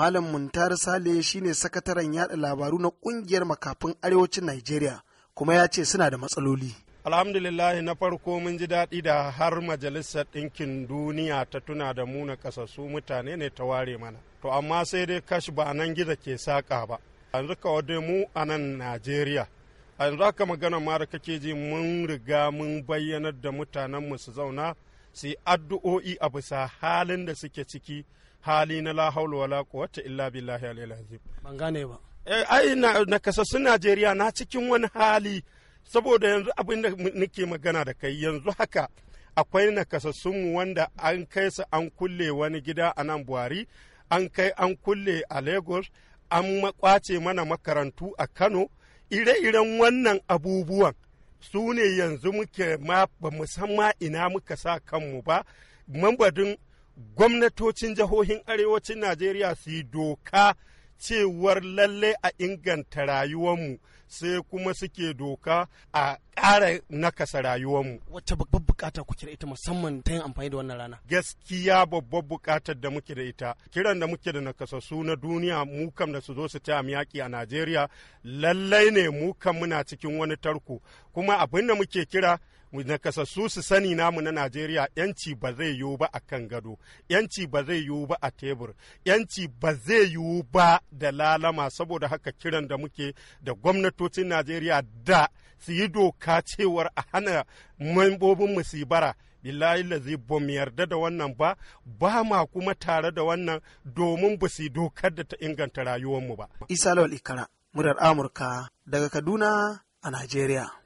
Malam Muntar Sale shine sakataren yada labaru na kungiyar makafin arewacin Najeriya kuma ya ce suna da matsaloli. Alhamdulillah na farko mun ji daɗi da har majalisar ɗinkin duniya ta tuna da mu na ƙasassu mutane ne ta ware mana. To amma sai dai kash ba nan gida ke saƙa ba. Yanzu kawai wade mu a nan Najeriya. A yanzu haka magana ma da kake ji mun riga mun bayyanar da mutanenmu su zauna su yi addu'o'i a bisa halin da suke ciki hali na la wala quwwata illa billahi al ban gane ba eh, ai na kasassun Najeriya na cikin wani hali saboda yanzu abin da nake magana da kai yanzu haka akwai nakasassunmu wanda an kai su an kulle wani gida a nan buhari an kai an kulle a lagos an kwace mana makarantu a kano ire-iren wannan abubuwan su ne yanzu muke ma ba musamman ina muka sa kanmu ba mambadin gwamnatocin jihohin arewacin najeriya su yi doka cewar lalle a inganta rayuwarmu sai kuma suke doka a ƙara nakasa rayuwarmu. Wacce babbar bukata kuke da ita musamman ta yin amfani da wannan rana? Gaskiya babbar bukatar da muke da ita. Kiran da muke da nakasassu na duniya mu kam da su zo su ta yaƙi a Najeriya lallai ne mu kam muna cikin wani tarko. Kuma abin da muke kira nakasassu su sani namu na Najeriya yanci ba zai yiwu ba a kan gado, yanci ba zai yiwu ba a tebur, yanci ba zai yiwu ba da lalama saboda haka kiran da muke da gwamnatocin Najeriya da su yi doka cewar a hana membobin musibara. billahi lazi ba mu yarda da wannan ba ba ma kuma tare da wannan domin ba su dokar da ta inganta rayuwarmu ba. Isa Lawal Ikara, murar Amurka daga Kaduna a Najeriya.